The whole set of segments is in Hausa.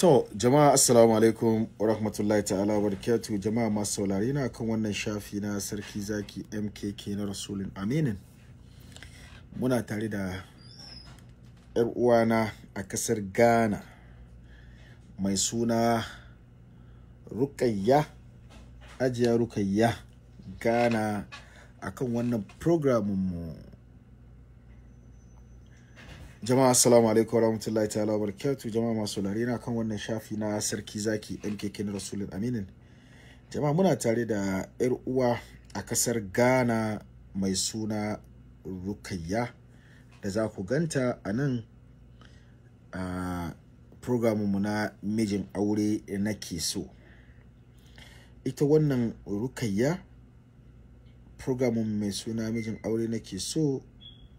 To jama'a assalamu alaikum wa rahmatullahi ta'ala wa barakatuh jama'a masu saurari na kan wannan shafi na sarki zaki MKK na Rasulun Aminin. Muna tare da ‘yar uwana a kasar Ghana mai suna Rukayya, ajiya Rukayya Ghana akan wannan programin mu jama'a assalamu alaikum warahmatullahi ta'ala wabarakatuh jama'a masu lare na kan wannan shafi na sarki zaki ɗan na rasulun aminin jama'a muna tare da yar uwa a kasar ghana mai suna rukayya da za ku ganta a nan a programinmu na mijin aure na ke so ita wannan rukayya programin mai suna mijin aure na ke so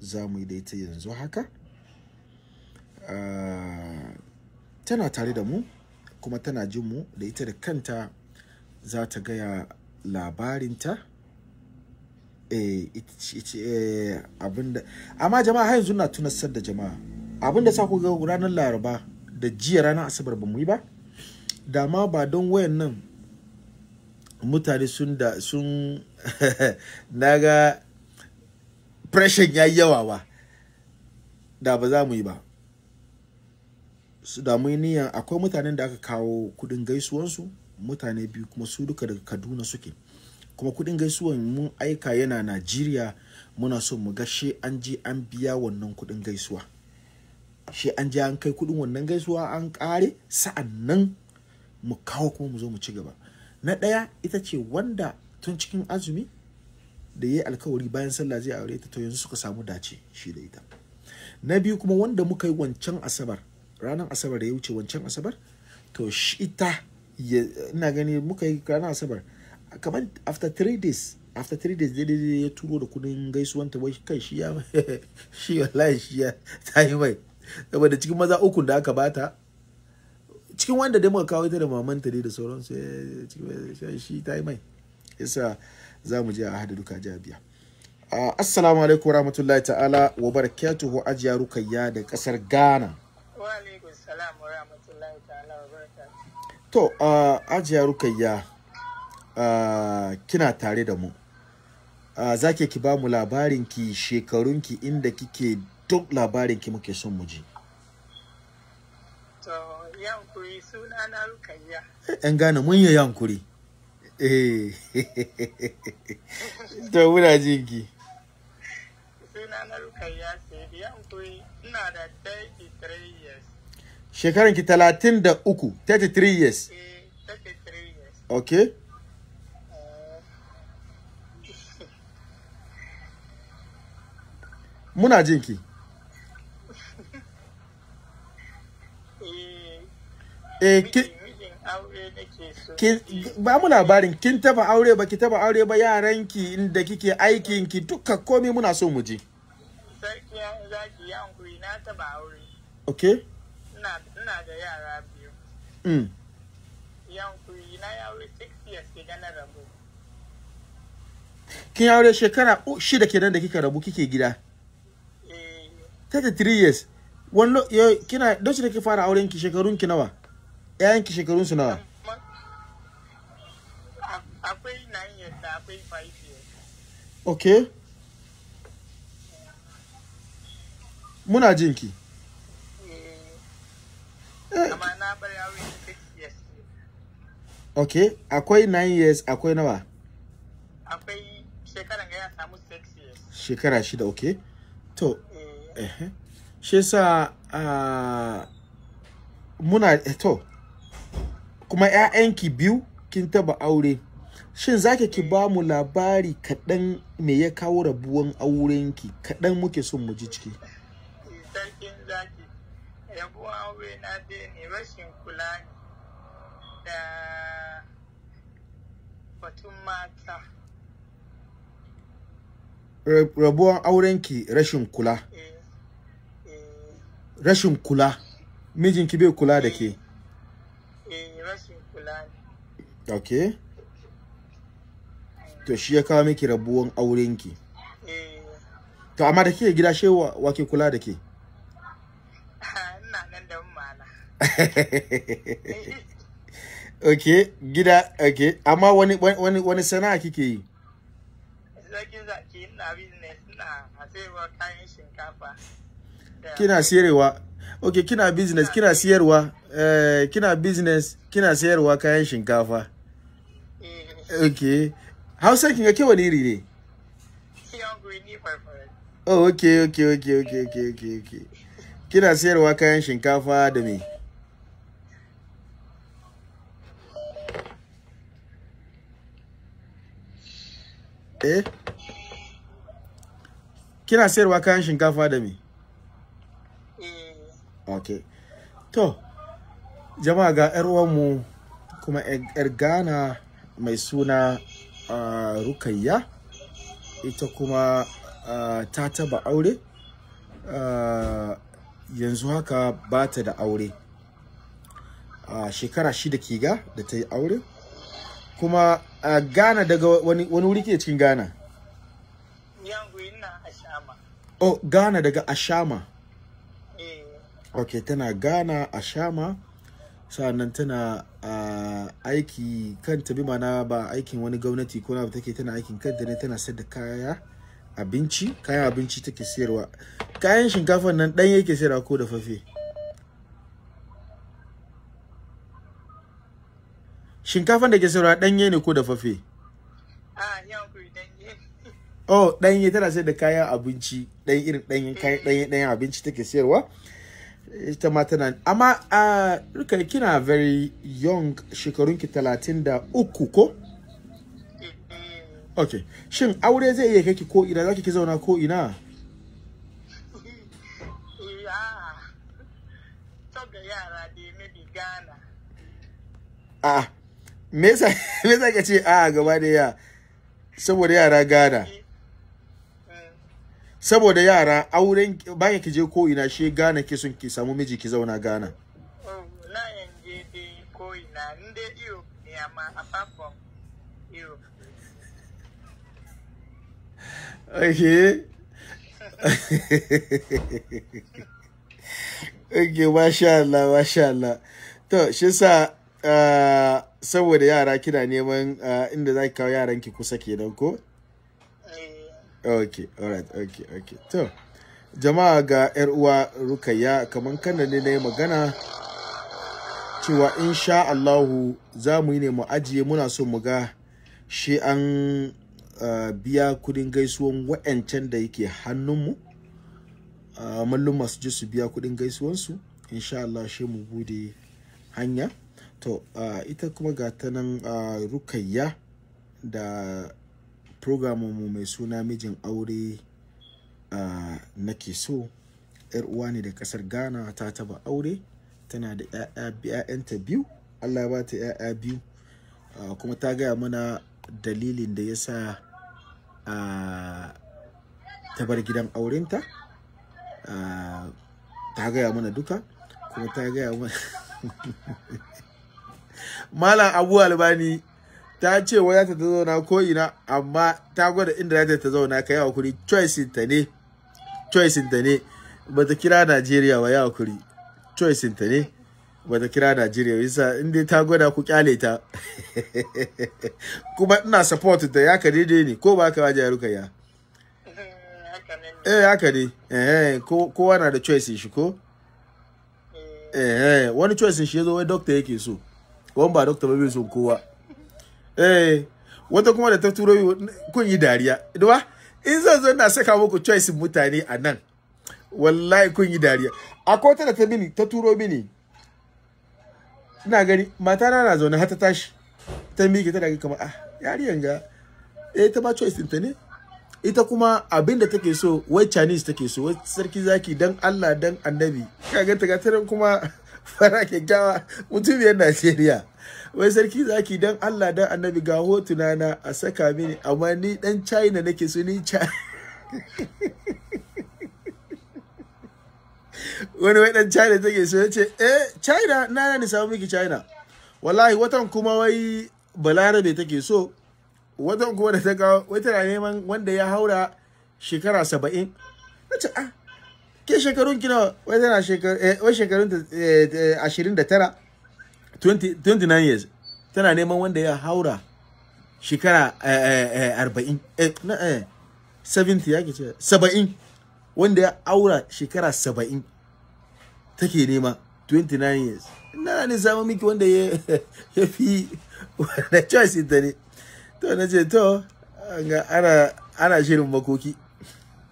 za mu yi da ita yanzu haka Ah, tana tare da mu kuma tana jin mu da ita da kanta za ta gaya labarinta eh, eh, amma jama'a har yanzu na tunasar da jama'a abinda sa ku ga ranar laraba da jiya ranar asabar ba mu yi ba da ma ba don wayan nan mutane sun da sun naga pressure ya yi yawa ba da ba za mu yi ba su damu niyan akwai mutanen da aka kawo kudin gaisuwansu mutane biyu kuma su duka daga kaduna suke kuma kudin gaisuwan mun aika yana najeriya muna so mu ga shi an je an biya wannan kudin gaisuwa shi an je an kai kudin wannan gaisuwa an kare sa'annan mu kawo kuma mu zo mu ci gaba na ɗaya ita ce wanda tun cikin azumi da ya yi alkawari bayan sallah zai aure ta to yanzu suka samu dace shi da ita na biyu kuma wanda muka yi wancan asabar ranar asabar da ya wuce wancan asabar to shi ita ina gani muka yi ranar asabar kamar after three days after three days daidai ya turo da kudin gaisuwan ta wai kai shi ya shi wallahi shi ya ta yi mai saboda cikin maza ukun da aka bata cikin wanda dai muka kawo ita da mamanta dai da sauran sauransu eh, eh, shi ta yi mai yasa za mu je a hada duka jabiya ah, assalamu alaikum warahmatullahi ta'ala wa barakatuhu ajiya rukayya da kasar ghana Assalamu rahmatullahi To, uh, Ajiya Rukayya, uh, kina tare da mu. Uh, za ki ba mu labarinki shekarunki inda kike duk labarinki muke son mu ji. To, yankuri suna na Rukayya. ‘Yan gane mun yi yankuri. Eh, to muna jinki. Suna na Rukayya sai yankuri ina da dai shekaran ki talatin da uku 33 eh, years ok eh. muna jinki eh, eh ba mu labarin kin taba aure ba ki taba aure ba yaranki inda kike aikin ki duka komai muna so mu je sarki ya zaki ya hankuri na taba aure okay ina da yara biyu mm. yankuri na yaure 6 years ke gana rabu kin aure shekara shida nan da kika rabu kike gida 33 eh. years wani kina don da ke fara aurenki shekarun ki nawa ƴaƴan ki shekarun su nawa akwai 9 years da akwai 5 years okay muna jinki ok akwai 9 years akwai nawa akwai shekara ga ya samu 6 years shekara shida ok to eh shi sa ah, muna eh, to kuma 'ya'yanki biyu kin taba aure shin zaki ki eh. ba mu labari kaɗan me ya kawo rabuwan aurenki kaɗan muke son mu ji ciki rabuwan aure na dai ne rashin kula ne da batun mata rabuwan aurenki rashin kula eh, eh. rashin kula mijinki bai kula da ke eh, ok to shi ya kawo miki rabuwan aurenki to amma da ke gida shewa wake kula da ke ok gida ok amma wani wani wani sana'a kike yi zakin zaki ina business ina sayarwa kayan shinkafa kina siyarwa ok kina business kina siyarwa eh kina business kina siyarwa kayan shinkafa eh. ok hausa kin ga kewa iri ne oh ok ok ok ok ok ok kina siyarwa kayan shinkafa da me eh kina sayarwa kayan shinkafa da me eh. okay to jama'a ga yar mu kuma yar Ghana mai suna uh, Rukayya ita kuma uh, ta taba aure uh, yanzu haka ba ta da aure uh, shekara shida kiga da ta yi aure kuma a ghana daga wani wuri ke cikin ghana oh ghana daga ashama eh. ok tana ghana ashama nan tana uh, aiki kanta bi mana ba aikin wani gwamnati ko na take tana aikin da ne tana sayar da kaya abinci kayan abinci take sayarwa kayan shinkafa nan dan yake sayarwa ko da fafe shinkafan da ke saura ɗanye ne ko dafaffe ah yau oh ɗanye tana sayar da kayan abinci dan irin eh. ɗanyen kayan danyen danyen abinci take sayarwa ita ma tana amma a rika kina very young shekarun talatin da uku ko eh, eh. ok shin aure zai iya ki ko ina zaki ki zauna ko ina Ah, me yasa me yasa ka ce a gaba da ya saboda yara gada saboda yara auren baya ki je ko ina she gana ki sun ki samu miji ki zauna gana um, na yanje dai ko ina inde iyo ne amma apart iyo Okay. okay, masha Allah, masha Allah. To, shi sa Eh, saboda yara kina neman eh, inda za ki kawo yaranki kusa kenan ko? Eh. all right, okay, okay. to jama'a ga 'yar uwa rukayya kamar kanna ne na magana cewa insha Allahu za mu yi ne mu ajiye muna so mu ga shi an biya kudin gaisuwan wa'ancan da yake hannunmu mallum masu ji su biya kudin gaisuwansu insha Allah shi mu bude hanya to uh, ita kuma ga ta nan uh, rukayya da programmu mai suna mijin aure uh, ke so yar uwa ne da kasar ghana ta taba aure tana da 'ya'yanta biyu allah ba ta 'ya'ya biyu uh, kuma ta gaya mana dalilin da ya sa uh, ta bar gidan aurenta uh, ta gaya mana duka kuma ta gaya mana malam abu albani ta ce wai za ta zauna ko ina amma ta gwada inda za ta zauna ka yi hakuri choice ta ne choice ta ne ba ta kira Najeriya ba ya hakuri choice ta ne ba ta kira Najeriya ba yasa inda ta gwada ku kyale ta kuma ina support ta ya ka daidai ne ko ba ka waje ya eh haka ne eh kowa na da choice shi ko eh, eh wani choice shi yazo wai doctor yake so wani ba dokta ba bai son kowa eh wata kuma da ta turo kun yi dariya ba in zan zo na saka muku choice mutane a nan wallahi kun yi dariya akwai wata da ta mini ta turo mini ina gani mata na na zaune har ta tashi ta miƙe tana kamar ah yariyan ga eh ta ba choice ta ne ita kuma abin da take so wai Chinese take so wai sarki zaki dan Allah dan annabi kaga ta gatarin kuma fara kyakkyawa mutumiyar najeriya wai sarki zaki dan allah dan annabi ga hotuna na a saka mini amma ni dan china nake su ni cha wani wai dan china take so yace eh china na ni samu miki china wallahi watan kuma wai balarabe take so watan kuma da ta kawo wai tana neman wanda ya haura shekara saba'in na ah ke shekarun kina wai tana eh, wai shekarun ta 29 eh, 29 eh, years tana neman wanda ya haura shekara arba'in na 70 yake ce 70 wanda ya aura shekara 70 take nema 29 years ina ne zama miki wanda ya ya fi wanda choice ta ne to na ce to ana shirin makoki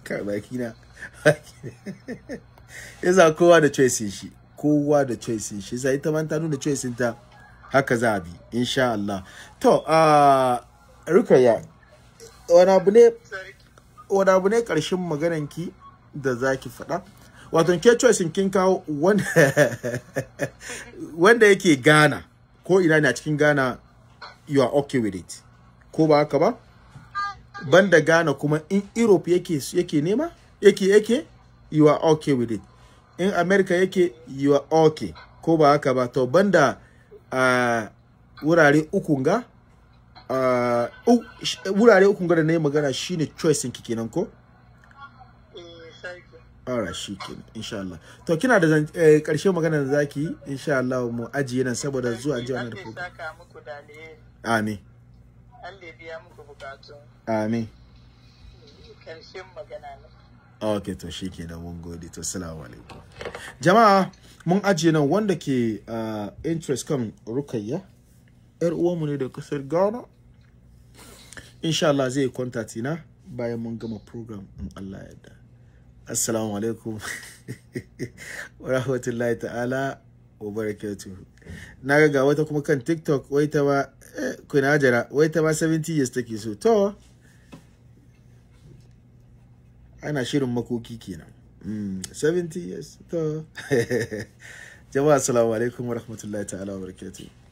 karbaki na yasa kowa da choice shi kowa da choice shi yasa ita man ta nuna choice ta haka za a bi insha Allah to a rukaya wani abu ne wani abu ne karshen maganan ki da zaki faɗa wato ke choice kin kawo wanda wanda yake gana ko ina ne a cikin gana you are okay with it ko ba haka ba banda gana kuma in Europe yake yake nema yake yake you are okay with it in america yake you are okay ko ba haka ba to banda a wurare uku ga wurare uku ga da na yi magana shine choice ki kenan ko ara shi kenan insha Allah. To kina da eh, karshe magana da zaki insha Allah mu ajiye nan saboda zuwa jiya na rubutu. Amin. Allah biya muku bukatun Amin. Karshen magana ne. ok to shi ke mun gode to salamu alaikum jama'a mun ajiye nan wanda ke uh, interest kan rukayya yar uwanmu ne da kasar ghana insha Allah zai kwantati na bayan mun gama program in Allah yadda assalamu alaikum wa rahmatullahi ta'ala wa barakatuhu na ga wata kuma kan tiktok wai ta ba, eh, kuna jara wai ta ba 70 years take so to ana shirin makoki kenan 70 mm, years to jama'a assalamu alaikum warahmatullahi ta'ala wa barakatuh